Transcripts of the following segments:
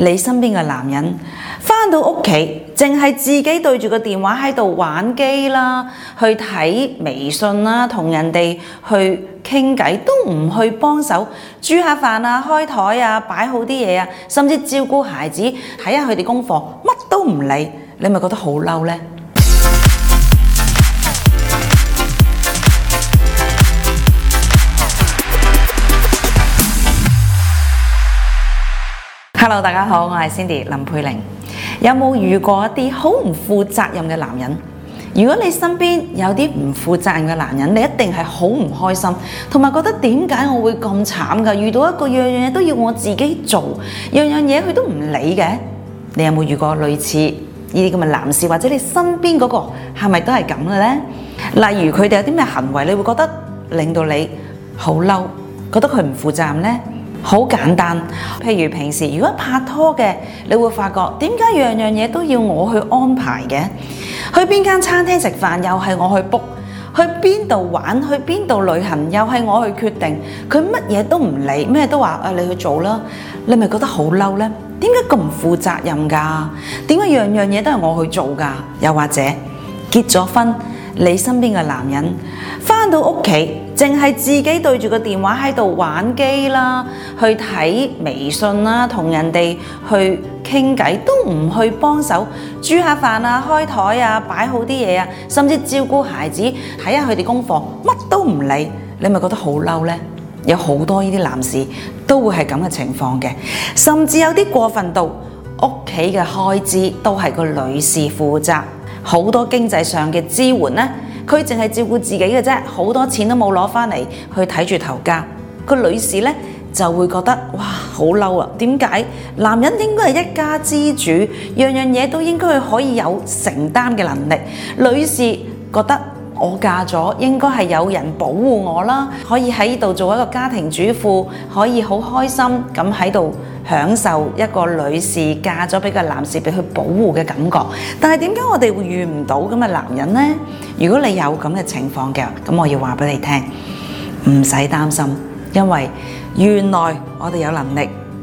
你身邊嘅男人返到屋企，淨係自己對住個電話喺度玩機啦，去睇微信啦，同人哋去傾偈，都唔去幫手煮下飯啊、開枱啊、擺好啲嘢啊，甚至照顧孩子、睇下佢哋功課，乜都唔理，你咪覺得好嬲咧？Hello，大家好，我係 tôi Cindy 林佩玲。有冇遇過一啲好唔負責任嘅男人？如果你身邊有啲唔負責任嘅男人，你一定係好唔開心，同埋覺得點解我會咁慘噶？遇到一個樣樣嘢都要我自己做，樣樣嘢佢都唔理嘅。你有冇遇過類似呢啲咁嘅男士？或者你身邊嗰個係咪都係咁嘅呢？例如佢哋有啲咩行為，你會覺得令到你好嬲，覺得佢唔負責任呢？好簡單，譬如平時如果拍拖嘅，你會發覺點解樣樣嘢都要我去安排嘅？去邊間餐廳食飯又係我去 book，去邊度玩去邊度旅行又係我去決定，佢乜嘢都唔理，咩都話、啊、你去做啦，你咪覺得好嬲咧？點解咁唔負責任㗎？點解樣樣嘢都係我去做㗎？又或者結咗婚，你身邊嘅男人返到屋企，淨係自己對住個電話喺度玩機啦，去睇微信啦，同人哋去傾偈，都唔去幫手煮下飯啊、開枱啊、擺好啲嘢啊，甚至照顧孩子、睇下佢哋功課，乜都唔理，你咪覺得好嬲呢？有好多呢啲男士都會係咁嘅情況嘅，甚至有啲過分到屋企嘅開支都係個女士負責。好多經濟上嘅支援咧，佢淨係照顧自己嘅啫，好多錢都冇攞返嚟去睇住頭家。個女士呢就會覺得哇好嬲啊！點解男人應該係一家之主，樣樣嘢都應該可以有承擔嘅能力？女士覺得。我嫁咗，應該係有人保護我啦，可以喺呢度做一個家庭主婦，可以好開心，咁喺度享受一個女士嫁咗俾個男士俾佢保護嘅感覺。但係點解我哋會遇唔到咁嘅男人呢？如果你有咁嘅情況嘅，咁我要話俾你聽，唔使擔心，因為原來我哋有能力。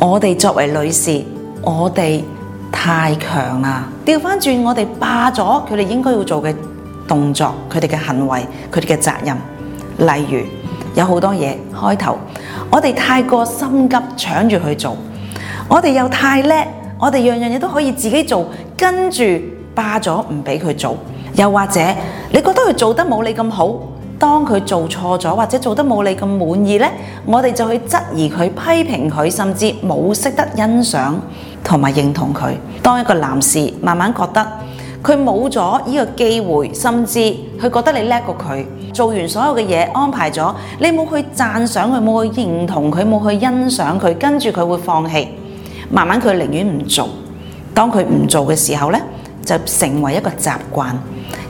我哋作為女士，我哋太強啦。掉返轉，我哋霸咗佢哋應該要做嘅動作，佢哋嘅行為，佢哋嘅責任。例如有好多嘢，開頭我哋太過心急，搶住去做。我哋又太叻，我哋樣樣嘢都可以自己做，跟住霸咗唔俾佢做。又或者，你覺得佢做得冇你咁好。當佢做錯咗，或者做得冇你咁滿意呢，我哋就去質疑佢、批評佢，甚至冇識得欣賞同埋認同佢。當一個男士慢慢覺得佢冇咗呢個機會，甚至佢覺得你叻過佢，做完所有嘅嘢安排咗，你冇去讚賞佢，冇去認同佢，冇去欣賞佢，跟住佢會放棄。慢慢佢寧願唔做。當佢唔做嘅時候呢，就成為一個習慣。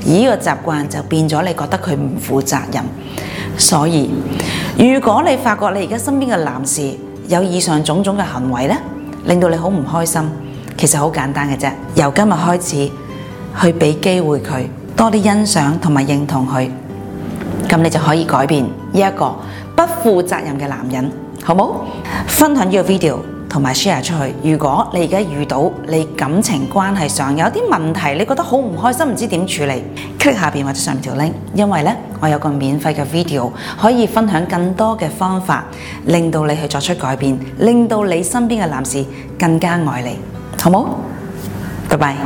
依個習慣就變咗，你覺得佢唔負責任。所以，如果你發覺你而家身邊嘅男士有以上種種嘅行為呢，令到你好唔開心，其實好簡單嘅啫。由今日開始，去俾機會佢多啲欣賞同埋認同佢，咁你就可以改變依一個不負責任嘅男人，好冇？分享依個 video。同埋 share 出去。如果你而家遇到你感情關係上有啲問題，你覺得好唔開心，唔知點處理，click 下邊或者上條 link，因為咧我有個免費嘅 video 可以分享更多嘅方法，令到你去作出改變，令到你身邊嘅男士更加愛你，好冇？拜拜。